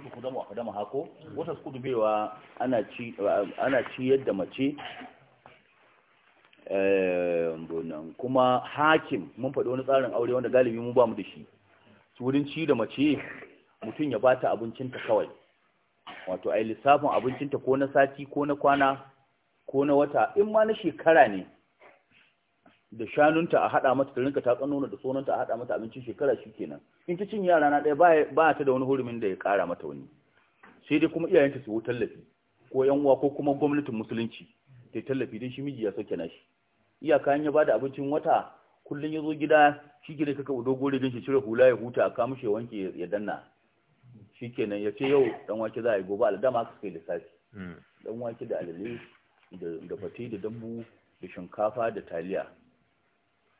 man tukudamu a kadama hako wata su kudubewa ana ci yadda mace eh, kuma hakim mun faɗi wani tsarin aure wanda galibi mu ba mu da shi su wurin ci da mace mutum ya bata abincinta kawai wato ai yi lissafin abincinta ko na sati ko na kwana ko na wata in ma na shekara ne da shanunta a haɗa mata ta rinka nono da sonanta a haɗa mata abincin shekara shi kenan in ta cin yara na ɗaya ba ta da wani hurumin da ya ƙara mata wani sai dai kuma iyayenta su tallafi ko yan uwa ko kuma gwamnatin musulunci ta tallafi dai shi miji ya sauke na shi iyaka ya bada abincin wata kullum ya zo gida shi gida kaka dogo rigin shi cire hula ya huta a kamushe wanke ya danna shi kenan ya ce yau dan wake za a yi gobe aladama aka kai lissafi dan hmm. wake da alale da fate da dambu da shinkafa da taliya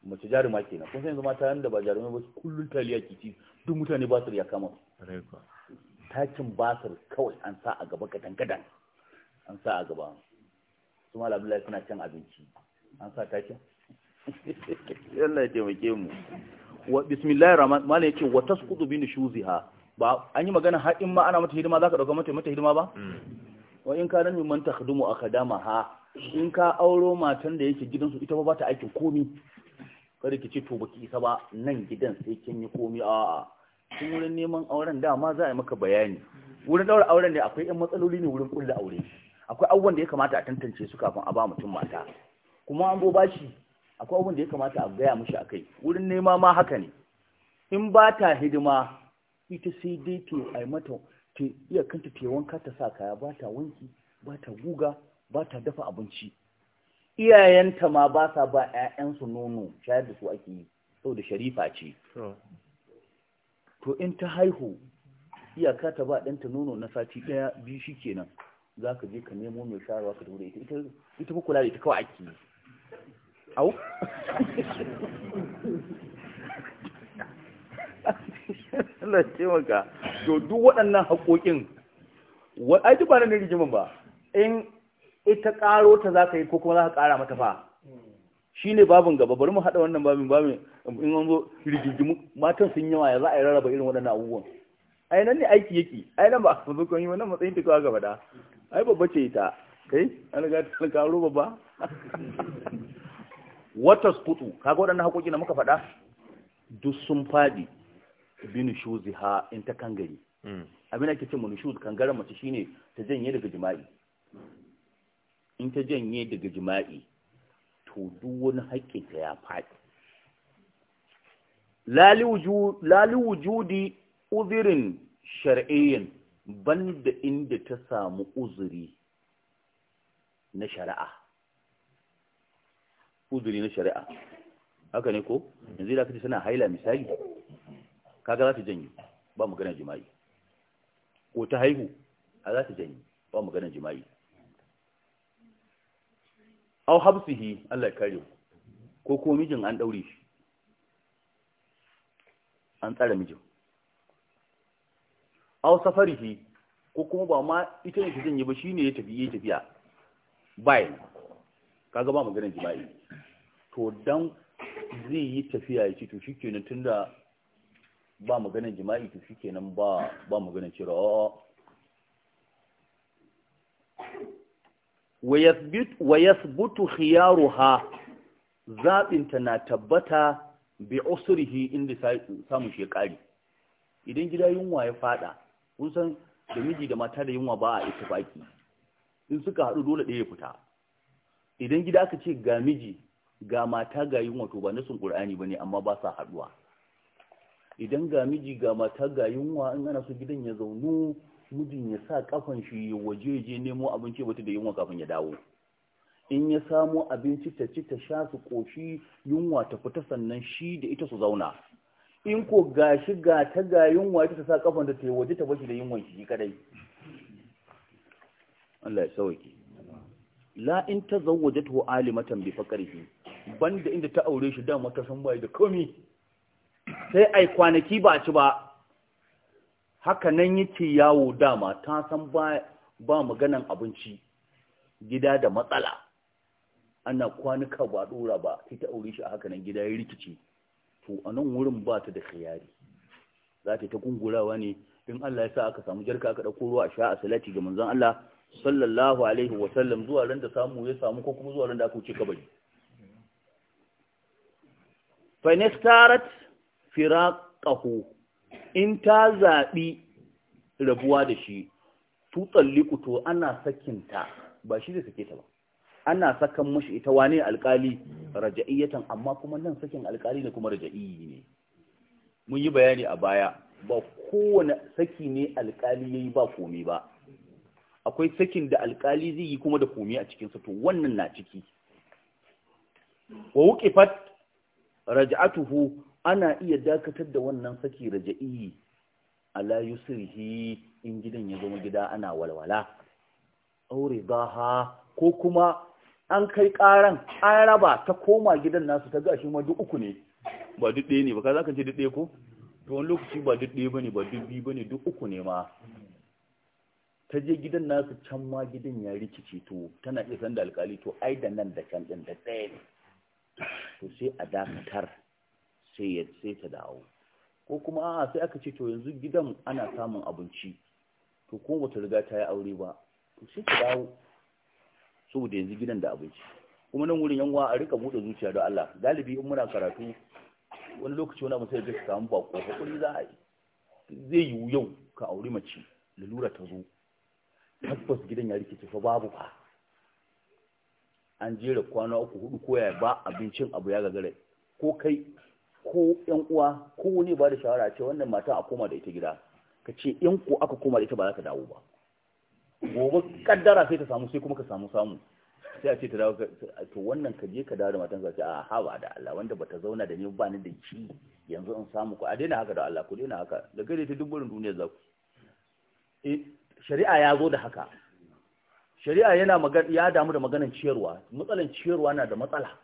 mace jaruma kenan kun san yanzu mata da ba jarumai ba su kullun taliya ke ci duk mutane ba su ya kama takin su kawai an sa a gaba gadan gadan an sa a gaba su mala abdullahi suna cin abinci an sa takin Allah ya taimake mu wa bismillahir rahman mala yace wa tasqutu bi nushuziha ba an yi magana har in ma ana mata hidima zaka dauka mata mata hidima ba mm. wa in kana min man takhdumu ha? in ka auro matan da yake gidansu ita ba ta aikin komi kada ki ce to baki isa ba nan gidan sai kin yi komi a'a tun wurin neman auren dama za a yi maka bayani wurin daura auren ne akwai 'yan matsaloli ne wurin kulla aure akwai abubuwan da ya kamata a tantance su kafin a ba mutum mata kuma an goba shi akwai abubuwan da ya kamata a gaya mishi a kai wurin nema ma haka ne in ba ta hidima ita sai dai ke ai mata iya kanta wanka ta sa kaya ba ta wanki ba ta guga ba ta dafa abinci iyayenta ma ba sa ba 'ya'yansu nono shayar da su ake yi da sharifa ce to in ta haihu iyaka ta ba ɗanta nono na sati ɗaya biyu shi kenan za ka je ka nemo mai shayarwa ka daure ita ita kula da ita kawai ake yi au Allah ce maka to duk waɗannan haƙoƙin wa ba na rigimin ba in ita karo ta za ka yi ko kuma za ka kara mata fa shi ne babin gaba bari mu haɗa wannan babin babin in an zo matan sun yawa ya za a yi rarraba irin waɗannan abubuwan ai nan ne aiki yake ai nan ba a zo kan yi wannan matsayin ta kawo gaba da ai babba ce ita kai an ga ta karo babba wata sputu kaga waɗannan haƙoƙi na muka faɗa duk sun faɗi binu shuzi ha in ta kangare hmm. abin ake ce mu nushuz kangaren mace shine ta janye daga jima'i in ta janye daga jima'i to duk wani haƙƙinta ya faɗi lali wujudi uzirin shar'iyyin banda inda ta samu uzuri na shari'a uzuri na shari'a haka ne ko yanzu da kace tana haila misali kaga za ta janye ba magana jima'i ko ta haihu a za ta janye ba magana jima'i aw habsihi Allah kare ko ko mijin an daure shi an tsara mijin aw safarihi ko kuma ba ma ita ne ta yi ba shine ya tafi ya tafiya bayan kaga ba maganar jima'i to dan zai yi tafiya ya ce to shikenan tunda ba maganar jima'i to shikenan ba ba maganar cewa wa yasbutu khiyaruha zabinta na tabbata bi usrihi inda samun shekari idan gida yunwa ya fada kun san da miji da mata da yunwa ba a ittifaki in suka haɗu dole ɗaya fita idan gida aka ce ga miji ga mata ga yunwa to ba nasin qur'ani bane amma ba sa haɗuwa idan ga miji ga mata ga yunwa in ana so gidan ya zaunu mijin ya sa kafan shi waje je nemo abinci bata da yunwa kafin ya dawo in ya samo abinci ta ci ta sha su koshi yunwa ta fita sannan shi da ita su zauna in ko gashi ga ta ga yunwa ita ta sa kafan ta yi waje ta bashi da yunwan shi kadai Allah ya sauke la in tazawwajatu alimatan bi fakarihi banda inda ta aure shi dan wata san bai da komi sai ai kwanaki ba ci ba haka nan yake yawo dama ta san ba ba maganan abinci gida da matsala ana kwanuka ba dora ba sai ta aure shi a haka nan gida ya rikice to a nan wurin ba ta da khiyari za ta ta gungurawa ne in Allah ya sa aka samu jarka aka dauko ruwa a sha a salati ga manzon Allah sallallahu alaihi wa sallam zuwa ran da samu ya samu ko kuma zuwa ran da aka wuce kabari fa nastarat firaqahu in ta zaɓi rabuwa da shi tutsalliku to ana sakinta ba shi da sake ta ba ana sakan mashi ita wane alkali raja'iyyatan amma kuma nan sakin alkali ne kuma raja'i ne mun yi bayani a baya ba kowane saki ne alkali yayi ba komi ba akwai sakin da alkali zai yi kuma da komi a cikin to wannan na ciki wa wuqifat raja'atuhu ana iya dakatar da wannan saki raja'i ala yusrihi in gidan ya zama gida ana walwala aure ha ko kuma an kai karan an raba ta koma gidan nasu ta gashi ma duk uku ne ba duk ɗaya ne ba ka zaka ce duk ɗaya ko to wani lokaci ba duk ɗaya bane ba duk biyu bane duk uku ne ma ta je gidan nasu can ma gidan ya rikice to tana iya san da alkali to ai da nan da can din da ɗaya ne to sai a dakatar sai sai ta dawo ko kuma a'a sai aka ce to yanzu gidan ana samun abinci to ko wata riga ta yi aure ba to sai ta dawo saboda yanzu gidan da abinci kuma nan wurin yanwa a rika buɗe zuciya don Allah galibi in muna karatu wani lokaci wani abu zai ka samu bako hakuri za a zai yiwu yau ka aure mace lalura ta zo tabbas gidan ya rikice fa babu fa an jera kwana uku hudu koya ba abincin abu ya gagare ko kai ko yan uwa ko wani ba da shawara ce wannan matan a koma da ita gida ka ce yan ko aka koma da ita ba za ka dawo ba gobe kaddara sai ta samu sai kuma ka samu samu sai a ce ta dawo to wannan ka je ka dawo da matan ka ce a haba da Allah wanda bata zauna da ni ba ni da shi yanzu in samu ku a daina haka da Allah ku daina haka da gare ta dubburin duniyar za ku eh, shari'a ya zo da haka shari'a yana ya damu da maganar ciyarwa matsalan ciyarwa na da matsala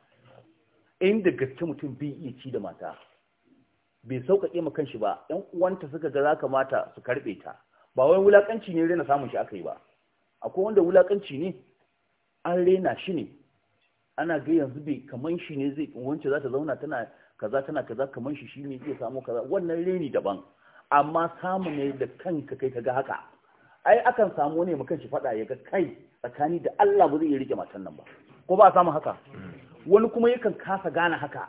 inda gaske mutum bai iya ci da mata bai sauƙaƙe ma kanshi ba ƴan uwanta suka ga za kamata su karɓe ta ba wai wulaƙanci ne rena samun shi aka yi ba akwai wanda wulaƙanci ne an rena shi ne ana ga yanzu bai kaman shi ne zai wance za ta zauna tana kaza tana kaza kaman shi shi ne zai samu kaza wannan reni daban amma samu ne da kanka kai ka ga haka ai akan samu ne mu kanshi faɗa ya ga kai tsakani da Allah ba zai iya rike matan nan ba ko ba samu haka mm. wani kuma yakan kasa gane haka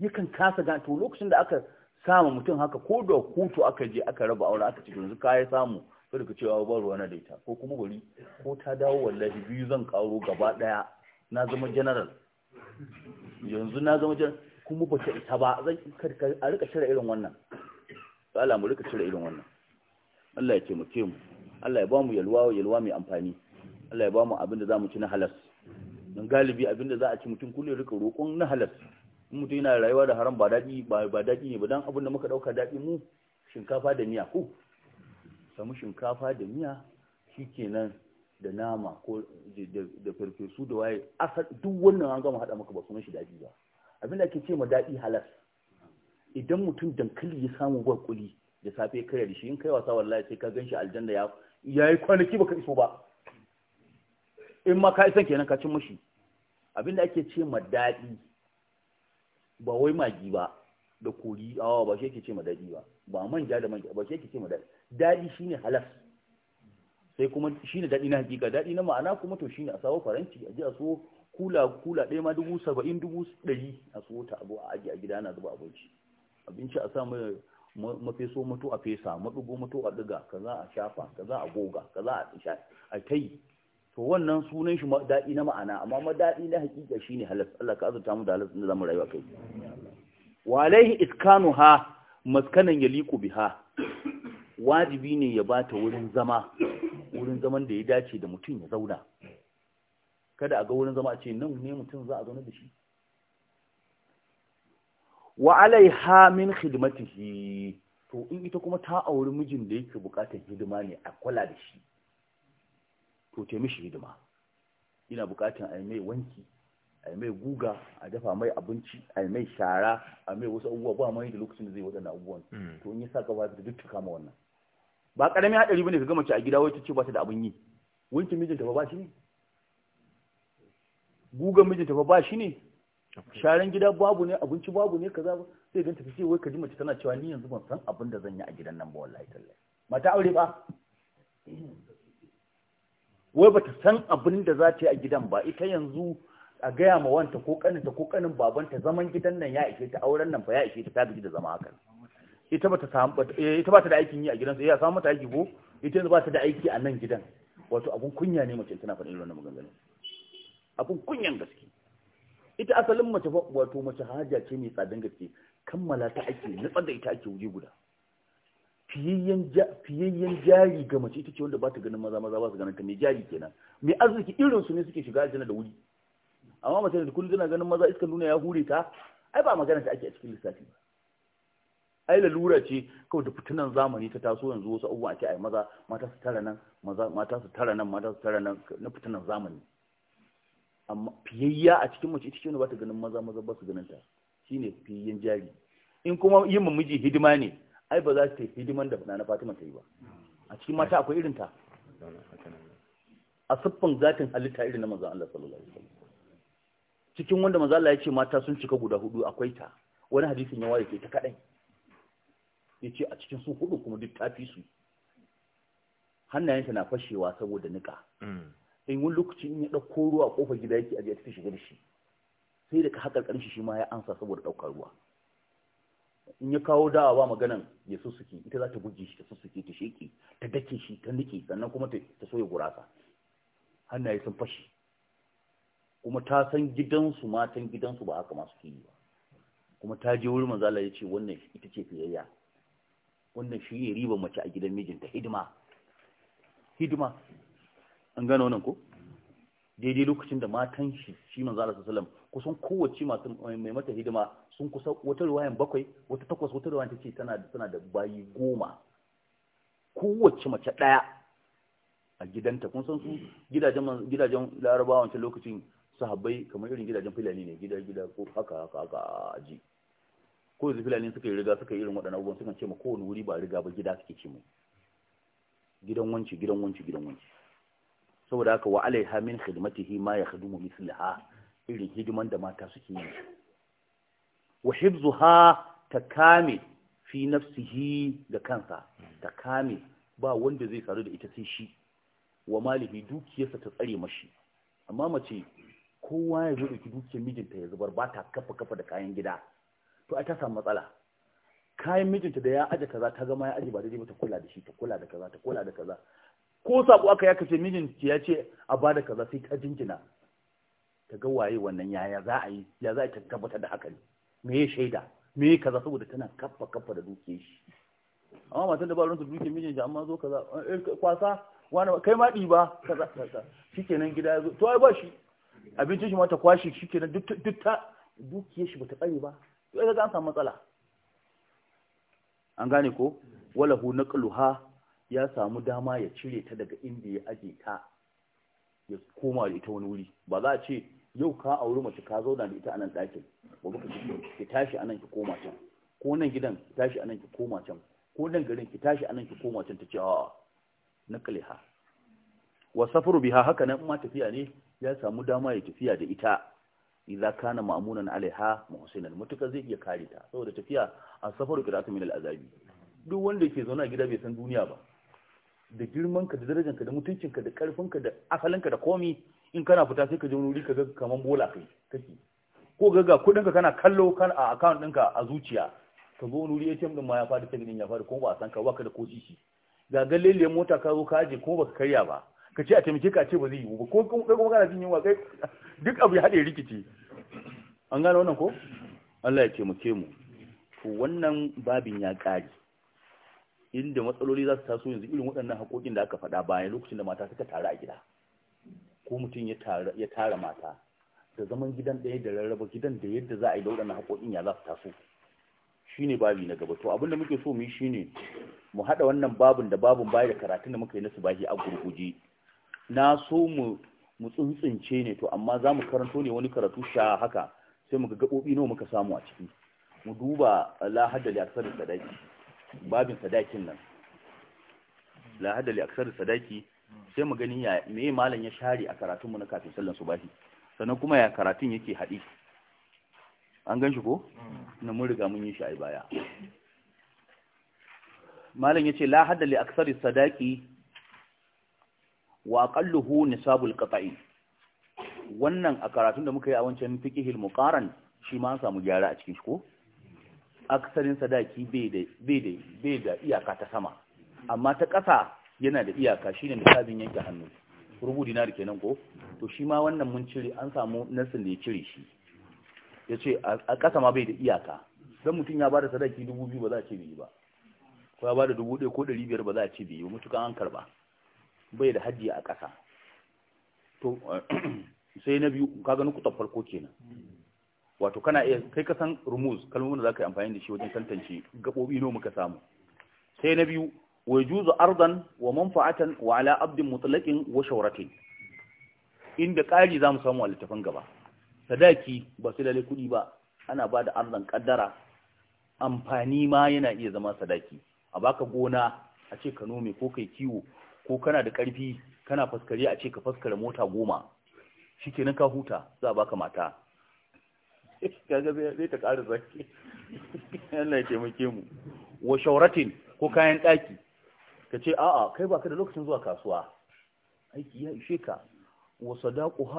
yakan kasa gane to lokacin da aka samu mutum haka ko da kotu aka je aka raba aure aka ce yanzu ka ya samu sai ka cewa ba ruwa na da ita ko kuma bari ko ta dawo wallahi biyu zan karo gaba daya na zama general yanzu na zama general kuma ba ta ita ba zan a rika cire irin wannan Allah mu rika cire irin wannan Allah ya taimake mu Allah ya ba mu yalwa yalwa mai amfani Allah ya ba mu abin da za mu ci na halas don galibi abinda za a ci mutum kullum rika roƙon na halas mutum yana rayuwa da haram ba daɗi ba daɗi ne ba don abin da muka ɗauka daɗi mu shinkafa da miya ko samu shinkafa da miya shikenan da nama ko da farfesu da waye duk wannan an gama haɗa maka ba sunan shi daɗi ba Abinda da ake ce ma daɗi halas idan mutum dankali ya samu ba da safe kare da shi in kai wasa wallahi sai ka gan shi aljanna ya yayi kwanaki baka iso ba in ma ka isan kenan ka cin mushi abinda ake ce ma daɗi ba wai magi ba da kori awa ba shi yake ce ma daɗi ba ba manja da manja ba shi yake ce ma daɗi daɗi shine halas sai kuma shine daɗi na hakika daɗi na ma'ana kuma to shine a sawo faranti a ji a so kula kula ɗaya ma dubu saba'in dubu ɗari a so ta abu a aji a gida na zuba abinci abinci a sa mai mafeso mato a fesa maɗugo mato a ɗiga kaza a shafa kaza a goga kaza a a kai to wannan sunan shi daɗi na ma'ana amma madaɗi na hakika shine halas Allah ka azurta mu da halas da zamu rayuwa kai wa alaihi iskanuha maskanan yaliqu biha wajibi ne ya bata wurin zama wurin zaman da ya dace da mutum ya zauna kada a ga wurin zama a ce nan ne mutum za a zauna da shi wa alaiha min khidmatihi to in ita kuma ta auri mijin da yake bukatar hidima ne a kula da shi to te mishi hidima ina bukatan a mai wanki a mai guga a dafa mai abinci a mai shara a mai wasu abubuwa ba mai da lokacin da zai waɗannan abubuwan mm. to in yi sa gaba da duk kama wannan ba karamin hadari bane ka gama ci a gida wai ta ce ba ta da abin yi wanki mijinta ba shi ne gugan mijinta ba shi ne sharan gida babu ne abinci babu ne kaza ba sai ganta ta ce wai ka ji mace tana cewa ni yanzu ban san abin da zan yi a gidan nan ba wallahi tallahi mata aure ba wai bata san abin da za ta yi a gidan ba ita yanzu a gaya ma wanta ko kaninta ko kanin babanta zaman gidan nan ya ishe ta auren nan ba ya ishe ta ta gaji da zama hakan ita bata samu eh, ita bata da aikin yi a gidansa ya samu mata aiki ko ita yanzu bata da aiki a nan gidan wato abun kunya ne mace tana faɗin wannan maganganun abun kunyan gaske ita asalin mace wato mace haja ce mai tsadan gaske kammala ta ake nutsar da ita ake wuri guda fiyayyen jari ga mace ita ce wanda ba ta ganin maza maza ba su ganin ta mai jari kenan mai arziki irin su ne suke shiga aljanna da wuri amma mace da kullum tana ganin maza iska nuna ya hure ta ai ba magana ta ake a cikin lissafi ba ai lalura ce kawai da fitinan zamani ta taso yanzu wasu abubuwa ake ai maza mata su tara nan maza mata su tara nan mata su tara nan na fitinan zamani amma fiyayya a cikin mace ita ce wanda ba ta ganin maza maza ba su ganin ta shine fiyayyen jari in kuma yin mamiji hidima ne ai ba za su yi hidiman da na fatima ta yi ba a cikin mata akwai irin ta a siffin zatin halitta irin na maza Allah sallallahu alaihi wasallam cikin wanda maza Allah ya ce mata sun cika guda hudu akwai ta wani hadisin ya waye ke ta kadai yace a cikin su hudu kuma duk tafi su hannayenta na fashewa saboda nika in wani lokaci in ya dauko ruwa kofar gida yake aje ta shiga da shi sai da ka haƙar shi ma ya ansa saboda daukar ruwa in ya kawo dawa ba maganan ya sussuke ita za ta buge shi ta sussuke ta sheke ta dake shi ta nike sannan kuma ta soya gurasa hannaye sun fashi kuma ta san gidansu matan gidansu ba haka masu yi ba kuma ta je wurin manzala ya ce wannan ita ce fiyayya wannan shi ya riba mace a gidan mijinta hidima hidima an gano wannan ko daidai lokacin da matan shi shi manzala sallallahu alaihi wasallam kusan kowace masu eh, mai mata hidima sun kusa wata ruwayan bakwai wata takwas wata ruwayan ta ce tana da tana da bayi goma kowace mace ɗaya a gidanta kun san su gidajen gidajen larabawa wancan lokacin sahabbai kamar irin gidajen filani ne gida gida ko haka haka haka aji ko yanzu filani suka yi riga suka yi irin waɗannan abubuwan suka ce ma kowane wuri ba riga ba gida suke ce mu gidan wanci gidan wanci gidan wanci saboda haka wa alaiha min khidmatihi ma yakhdumu mithlaha irin hidiman da mata suke yi wa hibzuha ta kame fi nafsihi da kansa ta kame ba wanda zai sadu da ita sai shi wa malihi dukiyarsa ta tsare mashi amma mace kowa ya zo dauki dukiyar mijinta ya zubar ba ta kafa kafa da kayan gida to ai ta samu matsala kayan mijinta da ya aje kaza ta zama ya aje ba daidai ta kula da shi ta kula da kaza ta kula da kaza ko sabo aka ya kace mijinta ya ce a bada kaza sai ka jinjina ta ga waye wannan yaya za a yi ya za ta tabbatar da haka ne me ya shaida me ya kaza saboda tana kafa kafa da duke shi amma matan da ba ruwan duke mijin shi amma zo kaza eh, kwasa wani kai ma ɗiba kaza kaza shikenan gida ya zo to ai ba shi abincin shi ma ta kwashi shikenan duk duk ta dukiyar shi ta tsare ba to ai ga an samu matsala an gane ko walahu naqluha ya samu dama ya cire ta daga inda ya aje ta ya koma da ita wani wuri ba za a ce yau ka auri mace ka zauna da ita a nan ɗakin gobe ka ki tashi a nan ki koma can ko nan gidan ki tashi a nan ki koma can ko nan garin ki tashi a nan ki koma can ta ce a'a ha wa safaru biha haka nan ma tafiya ne ya samu dama ya tafiya da ita idza kana ma'munan alaiha muhsinan mutuka zai iya kare ta saboda tafiya a safaru qira'atu min al'azabi duk wanda yake zauna gida bai san duniya ba da girman ka da darajar ka da mutuncin ka da karfin ka da asalin ka da komai in kana fita sai ka je wuri ka ga kaman bola kai kake ko ga ga kudin ka kana kallo kan a account ɗinka a zuciya ka zo wuri ATM din ma ya fadi din ya fadi kuma ba san ka baka da shi ga ga lele mota ka zo ka aje kuma baka karya ba ka ce a taimake ka ce ba zai yi ba ko kuma kana jin yunwa kai duk abu ya hade rikici an gane wannan ko Allah ya taimake mu to wannan babin ya ƙare inda matsaloli za su taso yanzu irin waɗannan haƙoƙin da aka faɗa bayan lokacin da mata suka taru a gida ko mutum ya tara mata da zaman gidan ɗaya da rarraba gidan da yadda za a yi da na haƙoƙin ya za su taso shi ne babi na gaba to abinda muke so mu yi shi ne mu haɗa wannan babin da babin baya da karatun da muka yi na subahi a gurguje na so mu mu tsuntsince ne to amma za mu karanto ne wani karatu sha haka sai mu ga gaɓoɓi nawa muka samu a ciki mu duba lahadda sadaki babin sadakin nan lahadda li sadaki sai mu gani ya me malam ya share a karatunmu na kafin sallan subahi sannan kuma ya karatun yake haɗi an gan shi ko mm. na mun riga mun yi shi a baya malam yace la hadda li aksari sadaqi wa aqalluhu nisabul qata'i wannan a karatun da muka yi a wancan fiqhil muqaran shi ma an samu gyara a cikin shi ko aksarin sadaki bai bai da bai da iyaka ta sama amma ta ƙasa yana da iyaka Shi ne misalin yanke hannu rubu dinar kenan ko to shi ma wannan mun cire an samu nasin da ya cire shi ya ce a ƙasa ma bai da iyaka Zan mutum ya bada sadaki dubu biyu ba za a ce bai ba ko ya bada dubu ɗaya ko ɗari biyar ba za a ce bai ba mutukan an karba bai da hajji a ƙasa to sai na biyu kaga nuku kutar farko kenan wato kana iya kai ka san rumuz kalmomin da za ka yi amfani da shi wajen tantance gabobi nomu muka samu sai na biyu Wai juzu ardan wa manfa'atan wa ala abdin mutlaqin wa shawratin inda ƙari za mu samu a gaba sadaki ba su lalle kuɗi ba ana ba da ardan ƙaddara amfani ma yana iya zama sadaki a baka gona a ce ka nome ko kai kiwo ko kana da ƙarfi kana faskare a ce ka faskare mota goma shikenan ka huta za a baka mata kaga zai ta ƙara zaki Allah ya taimake mu wa ko kayan ɗaki ka ce a'a kai baka da lokacin zuwa kasuwa aiki ya ishe ka wa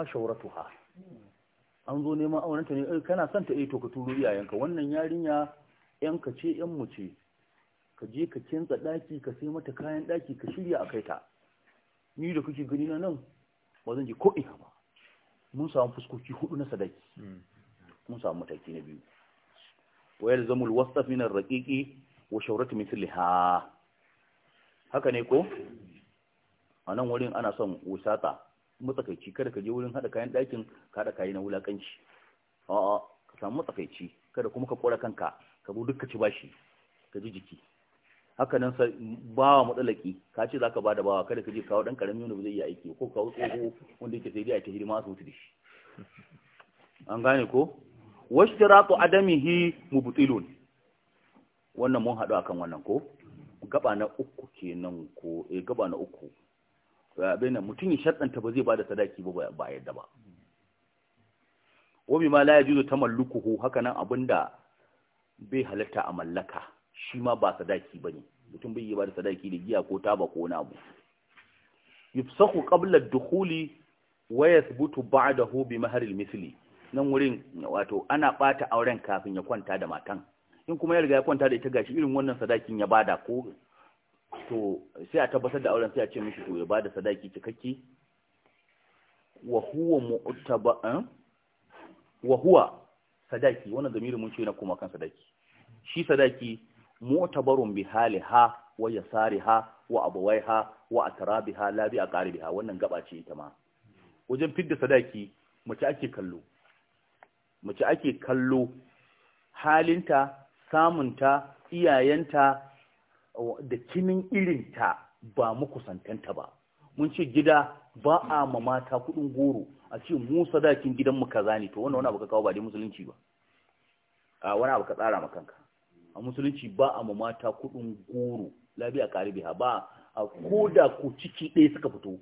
shauratu ha an zo neman aurenta ne eh, kana son ta eh, to ka turo iyayenka wannan yarinya 'yan ka ce yan mu ce ka je ka kintsa daki ka sai mata kayan daki ka shirya a kai ta ni da kuke gani na nan ba zan je ko ina ba mun samu fuskoki hudu na sadaki mun samu mataki na biyu wayar zamul wasaf min wa wa shawratu mithliha haka ne ko a nan wurin ana son wusata matsakaici kada ka je wurin haɗa kayan ɗakin ka haɗa kayi na wulaƙanci a'a ka samu matsakaici kada kuma ka ƙora kanka ka bu dukka ba bashi ka ji jiki haka nan sa bawa matsalaki ka ce zaka bada bawa kada ka je kawo dan ƙaramin wanda zai yi aiki ko kawo tsoho wanda yake sai dai a ta hidima asibiti da shi an gane ko washtiratu adamihi mubtilun wannan mun haɗu akan wannan ko gaba na uku kenan ko eh gaba na uku abin nan mutum ya shaddanta ba zai bada sadaki ba ba yadda ba wobi ma la yajuzu tamallukuhu haka nan abinda bai halatta a mallaka shi ma ba sadaki bane mutum bai yi bada sadaki da giya ko taba ko wani abu yufsahu qabla ad-dukhuli wa yathbutu ba'dahu bi mahr al-mithli nan wurin wato ana bata auren kafin ya kwanta da matan in kuma ya riga ya kwanta da ita gashi irin wannan sadakin ya bada ko to sai a tabbatar da auren sai a ce mishi to ya bada sadaki cikakke wa huwa eh? wa huwa sadaki wannan zamirin mun ce na kuma kan sadaki shi sadaki mu'tabarun bi haliha wa yasariha wa abawaiha wa atrabiha la bi aqaribiha wannan gaba ce ita ma wajen fidda sadaki mace ake kallo mace ake kallo halinta samunta iyayenta da kinin irinta ba makusantanta ba mun ce gida ba a ma mata kudin goro a ce mu sadakin mu kaza ne to wannan wani abu ka kawo ba dai musulunci ba a wani abu ka tsara ma kanka a musulunci ba a ma mata kudin goro labiya ha ba a koda ko ciki ɗaya suka fito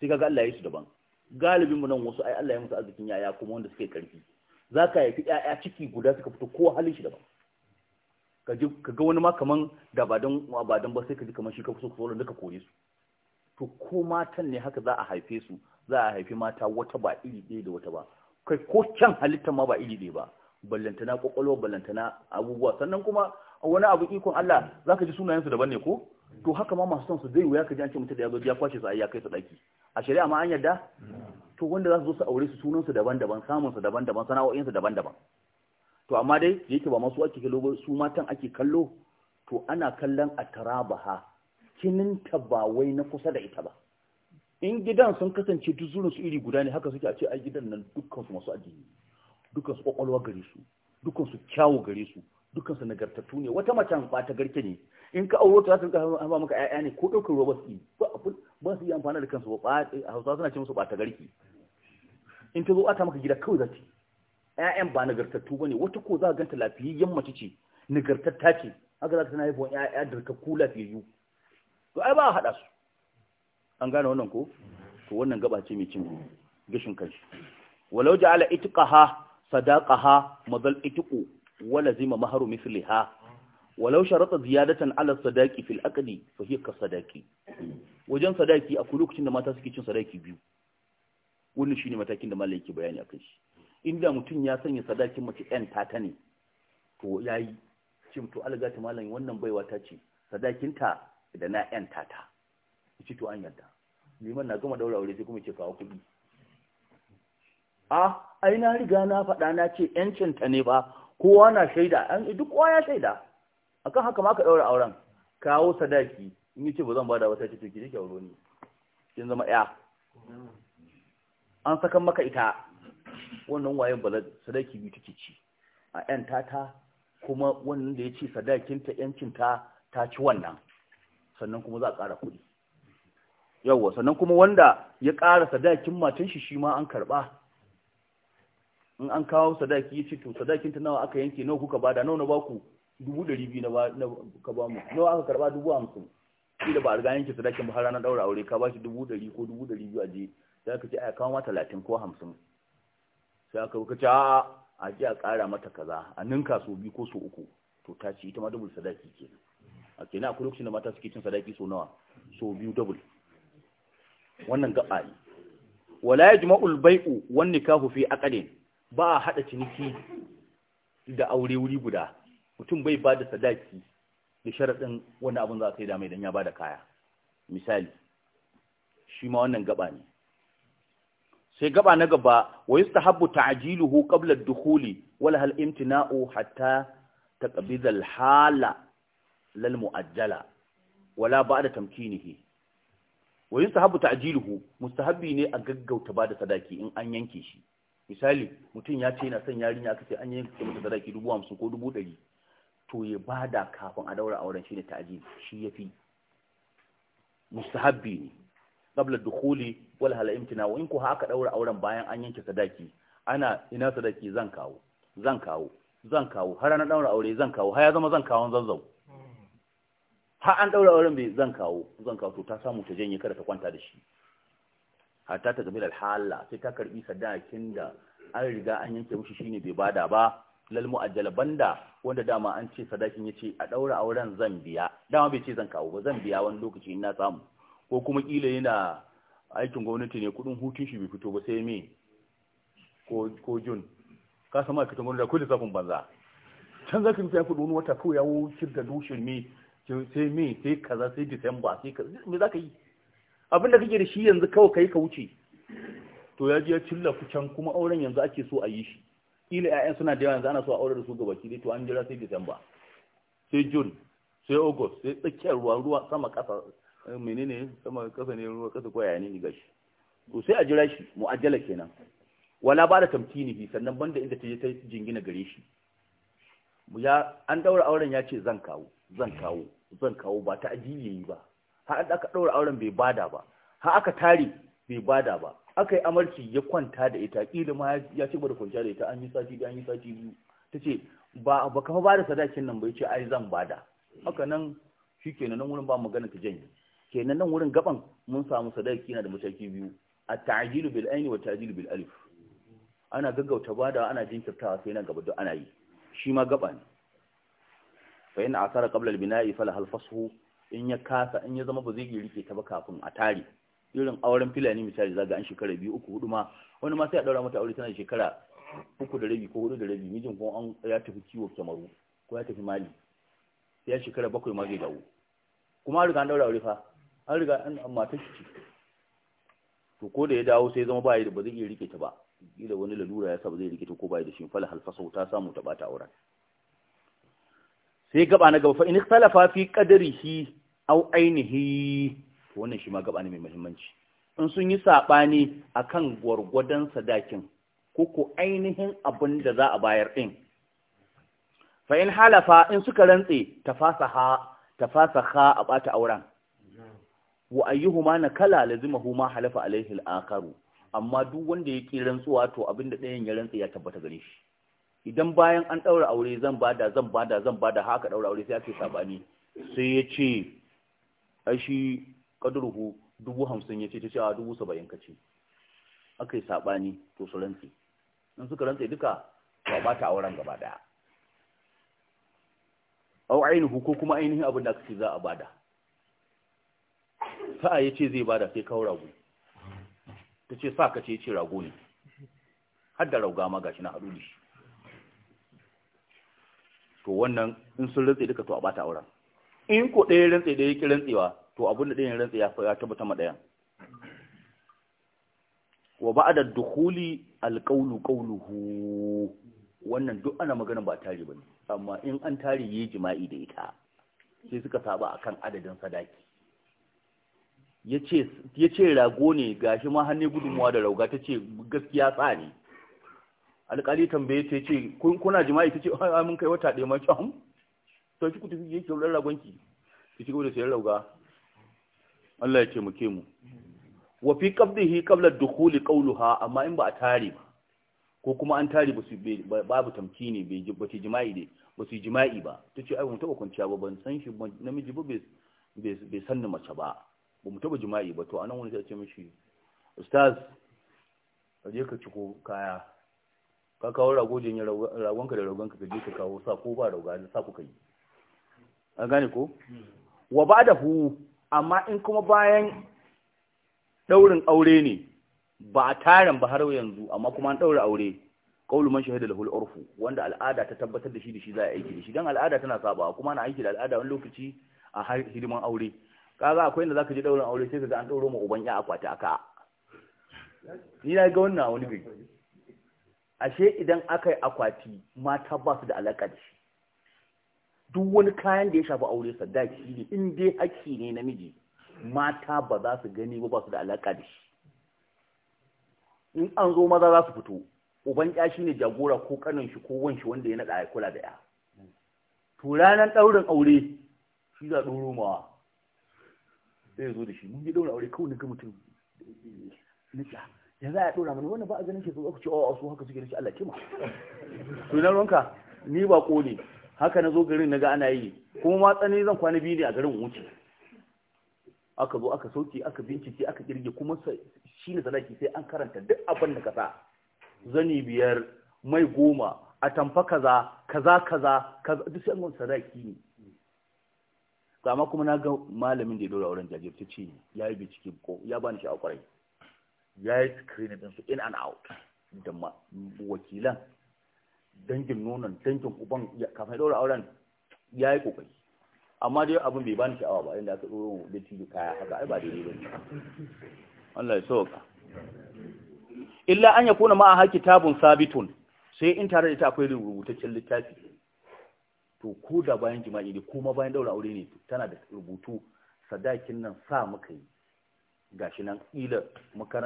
sai ga Allah ya su daban galibin mu nan wasu ai Allah ya musu arzikin yaya kuma wanda suke karfi zaka haifi yaya ciki guda suka fito ko halin shi daban ka ga wani ma kaman da ba don ba sai ka ji kamar shi ka kusa kusa duka kore su to ko matan ne haka za a haife su za a haifi mata wata ba iri ɗaya da wata ba kai ko can halitta ma ba iri ɗaya ba ballantana kwakwalwa ballantana abubuwa sannan kuma wani abu ikon Allah za ka ji sunayen su daban ne ko to haka ma masu son su zai wuya ka ji an ce mutum da ya zo ya kwashe su a ya kai su ɗaki a shari'a ma an yarda mm. to wanda za su zo su aure su sunan su daban-daban samun su daban-daban sana'o'in su daban-daban to amma dai da yake ba masu ake kallo ba su matan ake kallo to ana kallon a tarabaha kininta ba wai na kusa da ita ba in gidan sun kasance duk zurin su iri guda ne haka suke a ce a gidan nan dukkan su masu addini dukkan su kwakwalwa gare su dukkan su kyawu gare su dukkan su nagartattu ne wata macen ba ta garke ne in ka auro ta tunka hamba maka ƴaƴa ne ko ɗaukar ruwa ba su yi ba su yi amfana da kansu ba hausa suna ce musu ba ta garke in ta zo ata maka gida kawai za ta yi ƴaƴan ba nagartattu bane wata ko za a ganta lafiyayyen mace ce nagartatta ce haka za ka tana haifuwan ƴaƴa darkakku lafiyayyu to ai ba a haɗa su an gane wannan ko to wannan gaba ce mai cin gashin kai walau ha itqaha ha mazal itqu wala zima maharu ha walau sharata ziyadatan ala sadaki fil aqdi fa hiya ka wajen sadaki a lokacin da mata suke cin sadaki biyu wannan shine matakin da mallan bayani akan shi inda mutum ya sanya sadakin mace yan tata ne to ya yi cim to alga ta malam wannan baiwa ta ce sadakinta da na yan tata ci to an yarda liman na gama daura aure sai kuma ce kawo kuɗi a ai na riga na faɗa na ce ƴancin ta ne ba kowa na shaida an duk kowa ya shaida akan haka ma ka daura auren kawo sadaki in yace ba zan bada wata ce to ki je ki aure ni kin zama ya an sakan maka ita wannan wayan bala sadaki biyu take ci a yan tata kuma wannan da ya ce sadakinta yancinta ta ci wannan sannan kuma za a ƙara kuɗi yawwa sannan kuma wanda ya ƙara sadakin matan shi shi ma an karɓa in an kawo sadaki ya ce to sadakinta nawa aka yanke nawa kuka bada nawa na ba ku dubu ɗari biyu na ka ba mu nawa aka karɓa dubu hamsin shi da ba a riga yanke sadakin ba har ranar ɗaura aure ka ba shi dubu ɗari ko dubu ɗari biyu a je za ka ce a kawo ma talatin ko hamsin sai aka yi kaca, a a ji a ƙara mata kaza a ninka su biyu ko su uku to ta ce ita ma dubul sadaki ke a kenan akwai lokacin da mata suke cin sadaki so nawa so biyu dubul wannan gaba ne wala yajma'ul bai'u wani kahu fi aqdin ba a haɗa ciniki da aure wuri guda mutum bai ba da sadaki da sharaɗin wani abin za a sai da mai don ya ba da kaya misali shi ma wannan gaba ne sai gaba na gaba wa yustahabbu ta'jiluhu qabla ad-dukhuli wala hal imtina'u hatta taqbid al-hala lal mu'ajjala wala ba'da tamkinihi wa yustahabbu ta'jiluhu mustahabbi ne a gaggauta bada sadaki in an yanke shi misali mutum ya ce yana son yarinya aka ce an yanke mata sadaki 50 ko 100 to ya bada kafin a daura auren shine ta'jil shi yafi mustahabbi ne qabla dukhuli wal hal imtina wa in ku haka daura auren bayan an yanke sadaki ana ina sadaki zan kawo zan kawo zan kawo har na daura aure zan kawo har ya zama zan kawo zanzau ha an daura auren bai zan kawo zan kawo to ta samu ta janye kada ta kwanta da shi hatta ta gabil alhala sai ta karbi sadakin da an riga an yanke mushi shine bai bada ba lal mu'ajjal banda wanda dama an ce sadakin yace a daura auren zan biya dama bai ce zan kawo ba zan biya wani lokaci ina na samu ko kuma kila yana aikin gwamnati ne kudin hutun shi bai fito ba sai me ko jun ka sama fitan gwamnati ko lissafin banza can za ka nufi ya kudin wata kawai ya wuce da dushin me sai me sai kaza sai disamba sai kaza me za ka yi abin da kake da shi yanzu kawai kai ka wuce to ya ji ya cilla can kuma auren yanzu ake so a yi shi kila ƴaƴan suna da yawa yanzu ana so a aure da su ga baki to an jira sai disamba sai jun sai august sai tsakiyar ruwa ruwa sama kasa Eh, menene sama kasa ne ruwa kasa kwaya ne ne gashi to sai a jira shi mu'ajjala kenan wala ba da tamkinihi sannan banda inda ta je ta jingina gare shi ya an daura auren ya ce zan kawo zan kawo zan kawo ba ta ajiye yi ba har an aka daura auren bai bada ba har aka tare bai bada ba aka yi amarci ya kwanta da ita kila ma ya ce bada kwanciya da ita an yi sati da an yi sati biyu ta ce ba ba kafa bada sadakin nan bai ce ai zan bada haka nan kenan nan wurin ba magana ta janye kenan nan wurin gaban mun samu sadaki na da mataki biyu a tajilu bil aini wa ta'jilu bil alif ana gaggauta bada ana jinkirtawa sai nan gaba duk ana yi shi ma gaba ne fa in asara qabla al-bina'i fala hal fashu in ya kasa in ya zama ba zai rike ta ba kafin a tare irin auren filani misali zaga an shekara biyu uku hudu ma wani ma sai a daura mata aure tana shekara uku da rabi ko hudu da rabi mijin ko an ya tafi kiwo kamaru ko ya tafi mali sai shekara bakwai ma zai dawo kuma an riga an daura aure fa an riga an matar shi ce to ko da ya dawo sai zama ba da ba zai iya rike ta ba kila wani lalura ya sa ba zai rike ta ko ba da shi fala halfasau ta samu ta bata auren sai gaba na gaba fa in ikhtalafa fi qadrihi aw ainihi wannan shi ma gaba ne mai muhimmanci in sun yi sabani akan gwargwadon sadakin ko ko ainihin abin da za a bayar din fa in halafa in suka rantse tafasaha tafasaha a bata auren wa ayyuhuma nakala lazimahu ma halafa alaihi al-akharu amma duk wanda ya rantsuwa to abinda ɗayan ya rantsa ya tabbata gare shi idan bayan an daura aure zan bada zan bada zan bada haka daura aure sai ake sabani sai ya ce ashi kadruhu dubu hamsin ya ce ta cewa dubu saba'in ka ce aka yi saɓani to su rantsi. in suka rantse duka ba ba ta auren gaba daya au ainihu ko kuma ainihin abin da aka ce za a bada sa'a ya ce zai bada sai kawo rago ta ce sa ka ce ce rago ne har da rauga ma gashi na haɗu ne to wannan in sun rantse duka to a bata auren in ko ɗaya rantse da ya ƙi rantsewa to abin da ɗayan rantse ya tabbata ma ɗayan wa ba da dukuli alƙaulu ƙauluhu wannan duk ana magana ba tare ba ne amma in an tare yi jima'i da ita sai suka saba akan adadin sadaki ya ce rago ne gashi ma hannun gudunmuwa da rauga ta ce gaskiya tsani alƙali tambaye ta ce kuna jima'i ta ce mun kai wata ɗaya mace hum ta ki kuta yake rular ragonki ki ci gaba da sayar rauga Allah ya ce mu ke mu wa fi qabdihi qabla dukhuli qawluha amma in ba a tare ba ko kuma an tare ba su babu tamkini ne ba su jima'i ne ba su jima'i ba ta ce ai mun taɓa kwanciya ba ban san shi namiji ba bai san ni mace ba ba mu taba jima'i ba to anan wani ta ce mishi ustaz ka je ka ciko kaya ka kawo rago jin da ragonka ka je ka kawo sa ko ba rauga da sa ku kai an gane ko hmm. wa ba hu amma in kuma bayan daurin aure ne ba a tarin ba har yanzu amma kuma an daura aure kaulu man shahida lahul urfu wanda al'ada ta tabbatar da shi da shi za a aiki da shi dan al'ada tana sabawa kuma ana aiki da al'ada wani lokaci a har hidiman aure kaga akwai inda zaka je daurin aure sai kaga an dauro ma uban ya akwati aka ni na ga wannan wani gari ashe idan aka yi akwati mata ba su da alaka da shi duk wani kayan da ya shafi aure shi ne in dai haƙƙi ne namiji mata ba za su gani ba ba su da alaka da shi in an zo maza za su fito uban ya shine jagora ko kanin shi ko wanshi wanda ya naɗa ya kula da ya to ranar ɗaurin aure shi za ɗoro sai ya zo da shi mun yi daura aure kawai na ga mutum nika ya za a daura mana wannan ba a ganin shi zo ku ce a oh, su haka suke da shi Allah ma. to na ruwanka ni ba ko ne haka na zo garin na ga ana yi kuma ma tsani zan kwana biyu ne a garin wuce aka zo aka sauke aka bincike aka kirge kuma shi ne sadaki sai an karanta duk abin da ka sa zani biyar mai goma a tamfa kaza kaza kaza kaza duk sai an sadaki ne to amma kuma na ga malamin da ya dora auren ta ce ya yi bincike ko ya bani shi a kwarai ya yi screening ɗinsu in and out da wakilan dangin nonon dangin uban kafin ya dora auren ya yi kokari amma dai abin bai bani sha'awa ba inda aka tsoro da cikin kaya haka ai ba daidai ba ne Allah ya sauka illa an yakuna ma'a haƙi tabun sabitun sai in tare da ita akwai rubutaccen littafi to ko da bayan jima'i ne ko ma bayan daura aure ne tana da rubutu sadakin nan sa muka yi gashi nan ila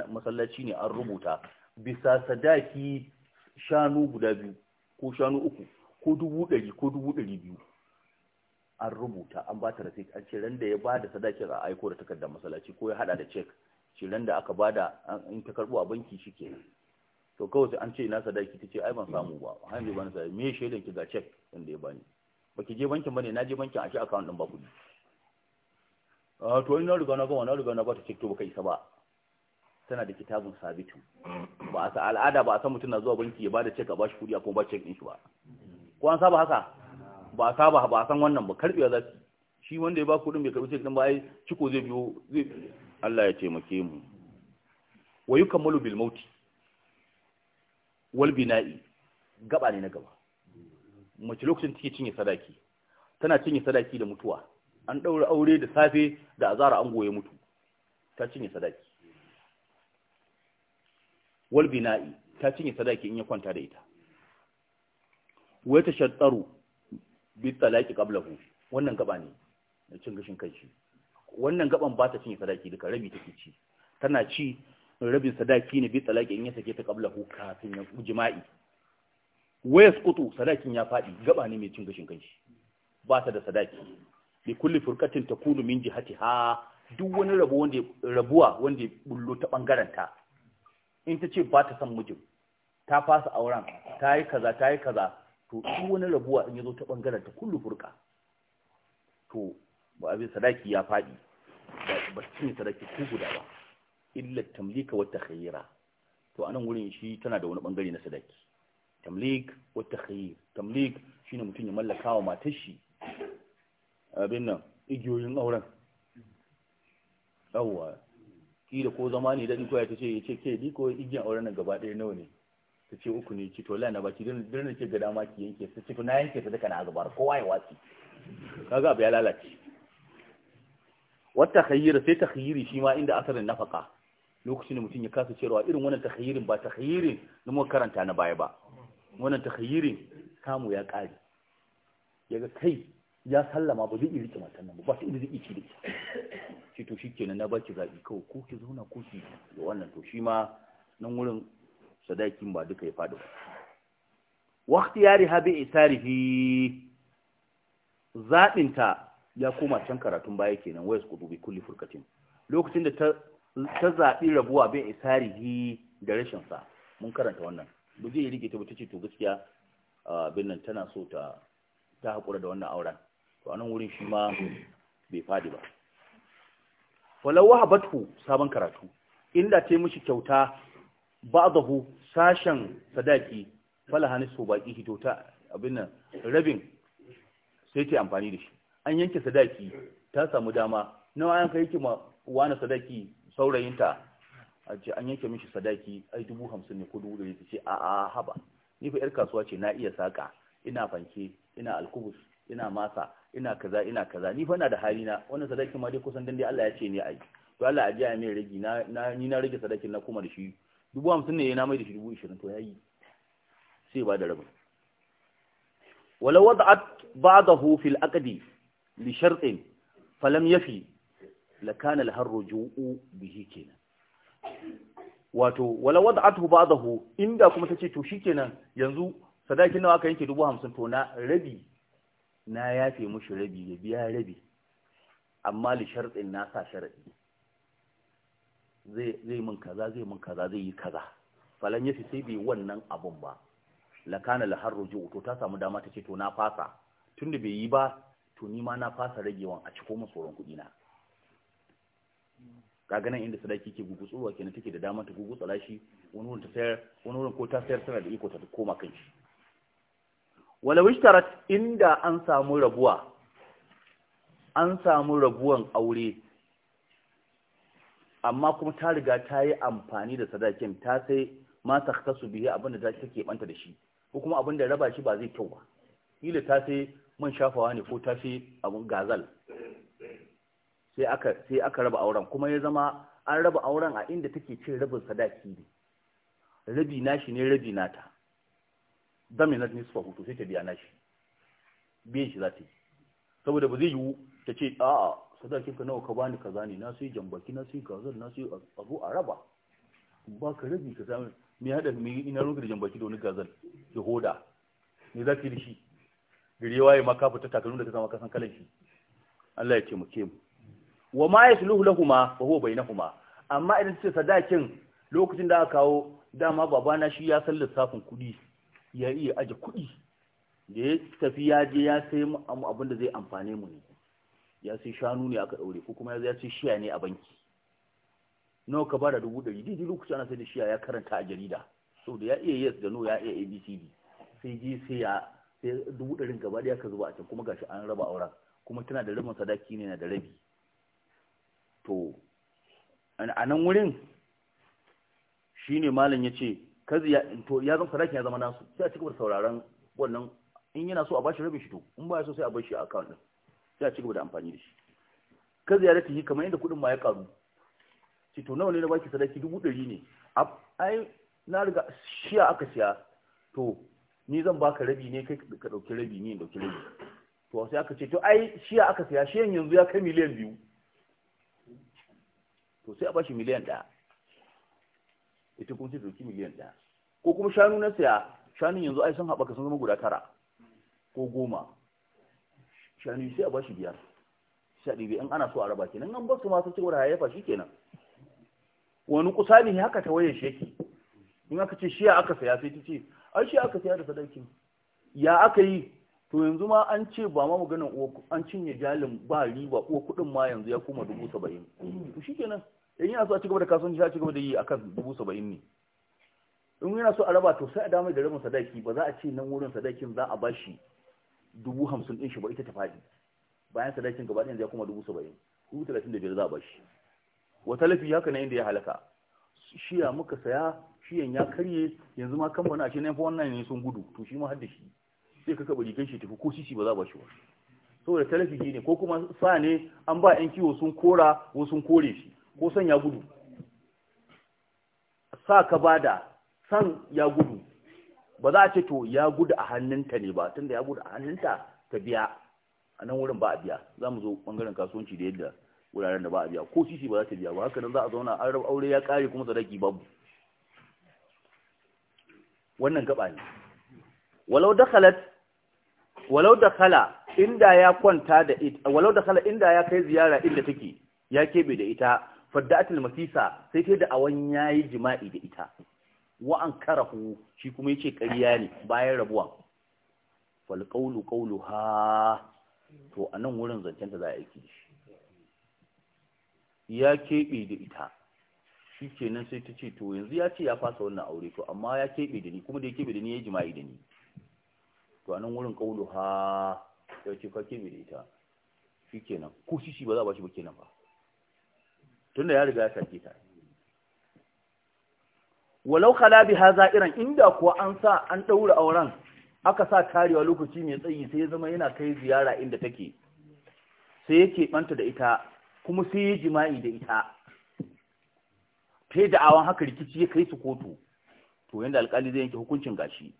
masallaci ne an rubuta bisa sadaki shanu guda biyu ko shanu uku ko dubu ɗari ko dubu ɗari biyu an rubuta an ba ta receipt an ce ran da ya ba da sadakin a aiko da takardar masallaci ko ya hada da cek, ce ran da aka bada in ta karbo a banki shike to kawai an ce ina sadaki ta ce ai ban samu ba har ba ban sadaki me shaidan ki ga check inda ya bani baki je bankin bane na je bankin a shi account din ba kudi a ah, to ina riga na ga na riga na ba ta tiktok baka isa ba tana da kitabun sabitu ba a sa al'ada ba a san mutum na zuwa banki ya bada cek a bashi kudi a ko ba cek din shi ba ko an saba haka ba a saba ba a san wannan ba karbewa za shi wanda ya ba kudin bai karbi check din ba ai ciko zai biyo zai Allah ya taimake mu wa yukammalu bil mauti wal bina'i gaba ne na gaba mace lokacin take cinye sadaki tana cinye sadaki da mutuwa an ɗaura aure da safe da azara an goye mutu ta cinye sadaki wal bina'i ta cinye sadaki in ya kwanta da ita wai ta shattaru bi talaki qablahu wannan gaba ne na cin gashin kanshi wannan gaban ba ta cinye sadaki duka rabi take ci tana ci rabin sadaki ne bi talaki in ya sake ta qablahu kafin jima'i wayas kutu sadakin ya faɗi gaba ne mai cin gashin kanshi ba ta da sadaki bi kulli furqatin takunu min jihatiha duk wani rabo wanda rabuwa wanda ya bullo ta bangaren ta in ta ce ba ta san mijin ta fasa auren ta yi kaza ta yi kaza to duk wani rabuwa in ya zo ta bangaren ta kullu furqa to ba abin sadaki ya faɗi ba cin sadaki ko guda ba illa tamlika wa takhayyira to anan wurin shi tana da wani bangare na sadaki tamlik wa takhayyir tamlik shine mutum ya mallaka wa matar shi abin nan igiyoyin auren yawwa kila ko zama ne dadi ko ya tace yace ke bi? ko igiyan auren nan gaba ɗaya nawa ne ta ce uku ne ci to la na baki dan dan ce ga ma ki yanke ta ce na yanke ta duka na zubar kowa ya watsi kaga abu ya lalace wata khayyir sai ta takhayyiri shi ma inda asarin nafaka lokacin da mutum ya kasa cewa irin wannan takhayyirin ba ta da muka karanta na baya ba wannan takayirin kamu ya kare yaga kai ya sallama ba zai iya rike matan nan ba su zai iki da shi to shi kenan na baki zabi kawai ko ki zauna ko ki da wannan to shi ma nan wurin sadakin ba duka ya faɗi ba wakti yari habe isarihi zaɓinta ya koma can karatun baya kenan wayas kudu bi kulli furkatin lokacin da ta zaɓi rabuwa bin isarihi da rashin sa mun karanta wannan ba zai rike ta ba ce to gaskiya abin nan tana so ta ta hakura da wannan auren to anan wurin shi ma bai fadi ba Falauwaha wahabatu sabon karatu inda ta yi mishi kyauta ba'dahu sashen sadaki falaha nisfu baqi hito ta abin nan rabin sai ta amfani da shi an yanke sadaki ta samu dama nawa an kai ki ma wani sadaki saurayinta a ce an yanke mishi sadaki ai dubu hamsin ne ko dubu ɗari ta ce a a haba ni fa yar kasuwa ce na iya saƙa ina fanke ina alkubus ina masa ina kaza ina kaza ni fa na da hali na wannan sadakin ma dai kusan dan dai Allah ya ce ne ai to Allah a jiya mai rage na ni na rage sadakin na kuma da shi dubu hamsin ne na mai da shi dubu ishirin to yayi sai ba da rabin wala wada'at ba'dahu fil aqdi li shartin falam yafi lakana al-harruju bihi kenan wato wala wada'atu ba'dahu inda kuma tace to shikenan yanzu sadakin nawa aka yanke 50 to na rabi na yafe mushi rabi ya biya rabi amma li shartin na sa sharadi zai zai min kaza zai min kaza zai yi kaza falan yafi sai bai wannan abun ba lakana harruju to ta samu dama tace to na fasa tunda bai yi ba to ni ma na fasa ragewan a ciko mu tsoron kudi na kaga nan inda sadaki ke gugu gugutsuwa kenan take da dama ta gugutsa shi wani wurin ta sayar wani wurin ko ta sayar tana da iko ta koma kan shi wala wishtarat inda an samu rabuwa an samu rabuwan aure amma kuma ta riga ta yi amfani da sadakin ta sai ma ta su biye abinda ta take banta da shi ko kuma abinda raba shi ba zai kyau ba kila ta sai man shafawa ne ko ta sai abun gazal sai aka sai aka raba auren kuma ya zama an raba auren a inda take cin rabin sadaki ne rabi nashi ne rabi nata ne suka hutu sai ta biya nashi biyan shi za ta yi saboda ba zai yiwu ta ce a'a sadakin ka nawa ka bani kaza ne na sai jambaki na sai kazar na sai abu a raba ba ka rabi ka sami me hada me ina ruka da jambaki da wani gazal ya hoda me za ki yi da shi ya waye ma ka fita takalmin da ka zama kasan kalan shi Allah ya ce mu ke mu wa ma yasluhu lahuma wa huwa bainahuma amma idan sai sadakin lokacin da aka kawo dama babana shi ya san lissafin kudi ya iya aje kudi da ya tafi ya je ya sai mu abin da zai amfane mu ne ya sai shanu ne aka daure ko kuma ya sai shiya ne a banki nawa ka bada dubu ɗari daidai lokacin ana sai da shiya ya karanta a jarida so da ya iya yes da no ya iya abcd sai je sai ya sai dubu ɗarin gaba ɗaya ka zuba a can kuma gashi an raba auren kuma tana da rabin sadaki ne na da rabi to a nan wurin shi ne malin ya ce kazi ya zama sadakin ya zama nasu sai a cigaba da sauraron wannan in yana so a bashi rabin shi to in ba ya so sai a bashi a account din sai a cigaba da amfani da shi kazi ya rafi yi kamar yadda kudin ma ya karu ce to nawa ne na baki sadaki dubu ɗari ne ai na riga shiya aka siya to ni zan baka rabi ne kai ka ɗauki rabi ni in ɗauki rabi to sai aka ce to ai shiya aka siya shi yanzu ya kai miliyan biyu to sai a bashi miliyan ɗaya ita kuma sai dauki miliyan ɗaya ko kuma shanu na siya shanun yanzu ai sun haɓaka sun zama guda tara ko goma shanu sai a bashi biyar sai a ɗibi in ana so a raba kenan an basu masu cewar hayafa shi kenan wani kusa ne haka ta waye shi yake in aka ce shi aka saya sai ta ce ai shi aka saya da sadaki ya aka yi to yanzu ma an ce ba ma maganin an cinye jalin ba riba ko kuɗin ma yanzu ya koma dubu saba'in to shi kenan in yana so a cigaba da kasuwanci a cigaba da yi akan dubu saba'in ne in yana so a raba to sai a damar da rabin sadaki ba za a ce nan wurin sadakin za a bashi dubu hamsin ɗin shi ba ita ta faɗi bayan sadakin gaba ɗin zai kuma dubu saba'in dubu talatin da biyar za a bashi wata lafi haka na inda ya halaka shiya muka saya shiyan ya karye yanzu ma kamfani a ce na wannan ne sun gudu to shi ma har da shi sai ka kaɓa jikin shi tafi ko sisi ba za a bashi ba saboda talafi ne ko kuma sa ne an ba 'yan kiwo sun kora ko sun kore shi ko san ya gudu sa ka bada san ya gudu ba za a ce to ya gudu a hannunta ne ba Tun da ya gudu a hannunta ta biya a nan wurin ba a biya za mu zo bangaren kasuwanci da yadda wuraren da ba a biya ko sisi ba za ta biya ba haka nan za a zauna an raba aure ya kare kuma sadaki babu wannan gaba ne walau dakhalat walau dakhala inda ya kwanta da ita walau dakhala inda ya kai ziyara inda take ya kebe da ita faddatul masisa sai ta da awan yayi jima'i da ita wa an karahu shi kuma yace ƙarya ne bayan rabuwa fal qawlu qawluha to anan wurin zancen ta za a yi shi ya kebe da ita shi kenan sai ta ce to yanzu ya ce ya fasa wannan aure to amma ya kebe da ni kuma da ya kebe da ni ya jima'i da ni to anan wurin qawluha ya ce ka kebe da ita shi kenan ko shi ba za a ba shi ba kenan ba tunda ya riga ya sake ta walau khala bi zairan iran inda kuwa an sa an daura auren aka sa karewa lokaci mai tsayi sai ya zama yana kai ziyara inda take sai yake banta da ita kuma sai ya jima'i da ita ta da awan haka rikici ya kai su kotu to yanda alkali zai yanke hukuncin gashi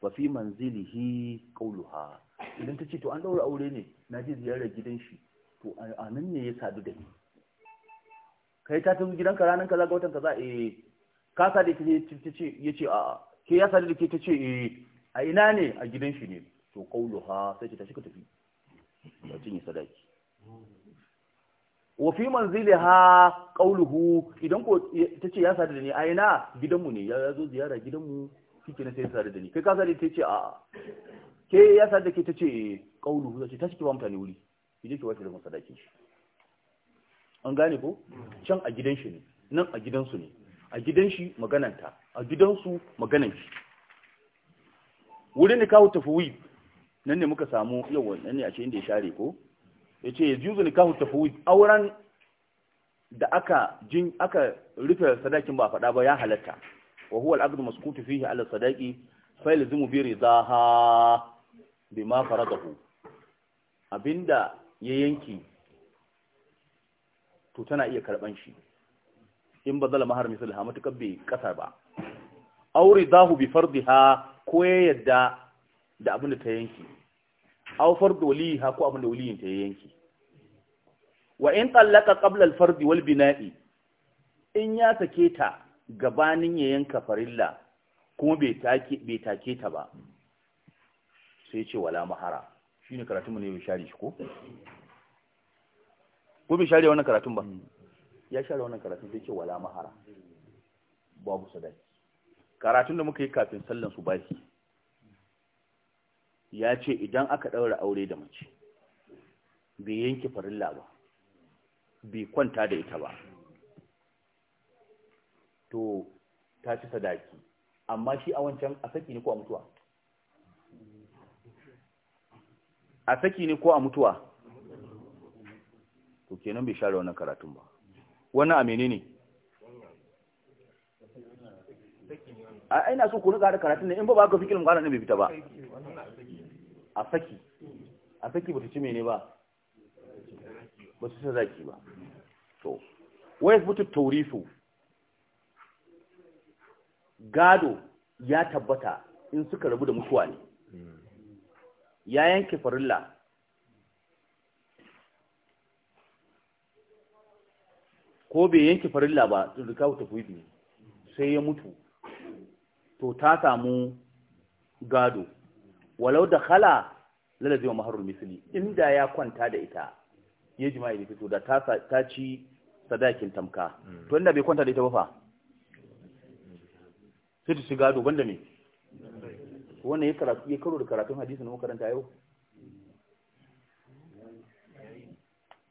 wa fi manzilihi qauluha idan ta ce to an daura aure ne na ziyara ziyarar gidan shi to a ne ya sadu da ni kai ta tafi gidanka ranar kaza ga watan kaza eh ka sa da ta ce ya ce a ke ya sa da ke ta ce eh a ina ne a gidan shi ne to ha sai ce ta shi ka tafi ya cinye sadaki wa fi ha qauluhu idan ko ta ce ya sadu da ni a ina gidan mu ne ya zo ziyara gidan mu kike na sai ya sadu da ni kai ka sadu ta ce a. ke ya sadu da ke ta ce eh. qauluhu sai ta shi ba mutane wuri ki je ki wace da masadakin shi an gane ko can a gidan shi ne nan a gidan su ne a gidan shi magananta a gidan su maganan shi wurin da kawo tafawi nan ne muka samu yau nan ne a ce inda ya share ko ya ce ya ne kawo tafawi auren da aka jin aka rufe sadakin ba faɗa ba ya halatta wa huwa al-aqd maskutu fihi ala sadaqi fa yalzimu bi ridaha bima faradahu abinda ya yanki to tana iya karban shi in ba zala mahar misalha matukar bai kasa ba aure zahu bi fardiha ko ya yadda da abin da ta yanki aw fardu waliha ko abin da waliyin ta yanki wa in tallaka qabla al fardi wal bina'i in ya sake ta gabanin ya yanka farilla kuma bai take bai take ta ba sai ce wala mahara shine karatu mu ne ya share shi ko ko bai share wannan karatun ba hmm. ya share wannan karatun sai ce wala mahara babu sadaki karatun da muka yi kafin sallan su baki ya ce idan aka ɗaura aure da mace bai yanke farilla ba bai kwanta da ita ba to ta ci sadaki amma shi a wancan a saki ne ko a mutuwa a saki ne ko a mutuwa to kenan bai share wannan karatun ba wannan a menene a ina so ku nuka da karatun ne in ba ba ka fikirin mukana ne bai fita ba a saki a saki ta ci mene ba ba su sa zaki ba to wai butu taurifu gado ya tabbata in suka rabu da mutuwa ne ya yanke farilla ko bai yanke farilla ba to rika wuta ne sai ya mutu to ta samu gado walau da kala lalazi wa maharul misali inda ya kwanta da ita ya ji da fito da ta ci sadakin tamka hmm. to inda bai kwanta da ita ba fa sai ta ci gado banda ne wannan ya karatu ya karo da karatun hadisi na makaranta yau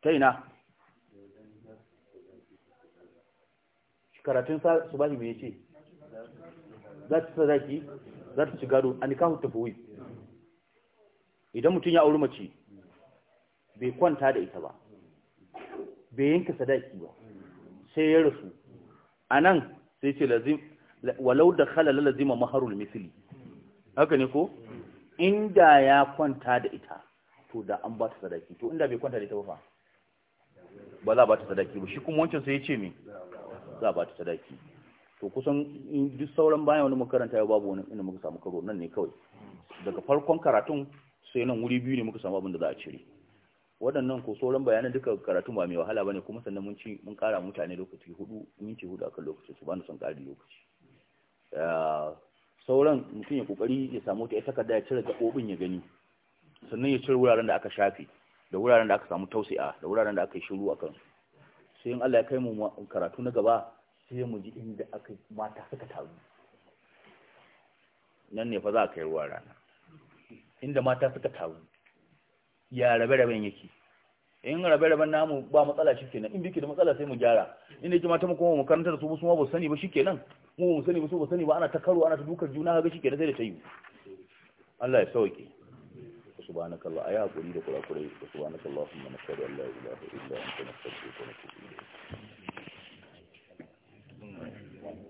ta ina karatun su ba mai ce za ta zaki za ta ci gado a nikahu tafawi idan mutum ya auri mace bai kwanta da ita ba bai yanka sadaki ba sai ya rasu a nan sai ce walau da khalala lazima maharul misili haka ne ko inda ya kwanta da ita to da an ba ta sadaki to inda bai kwanta da ita ba ba za ba ta sadaki ba shi kuma wancan sai ya ce mai za ba ta sadaki to kusan duk sauran bayan wani makaranta ya babu wani inda muka samu karo nan ne kawai daga farkon karatun sai nan wuri biyu ne muka samu abin da za a cire waɗannan ko sauran bayanan duka karatun ba mai wahala bane kuma sannan mun ci mun kara mutane lokaci hudu minti hudu akan lokaci su bani son kari lokaci ah, sauran mutum ya kokari ya samu ta kada ya cire gaɓoɓin ya gani sannan ya cire wuraren da aka shafe da wuraren da aka samu tausi'a da wuraren da aka yi shiru a kansu sai in Allah ya kai mu karatu na gaba sai mu ji inda aka mata suka taru nan ne fa za a kai ruwa rana inda mata suka taru ya rabe-raben yake in rabe-raben namu ba matsala shi kenan in biki da matsala sai mu gyara inda ke mata mu kuma mu karanta da su musu ma ba sani ba shi kenan mu ba sani ba su ba sani ba ana ta karo ana ta dukar juna ga shi kenan sai da ta yi Allah ya sauke سبحانك الله أيها قولي لكل أقولي سبحانك اللهم نشهد أن لا إله إلا أنت نستغفرك ونتوب إليك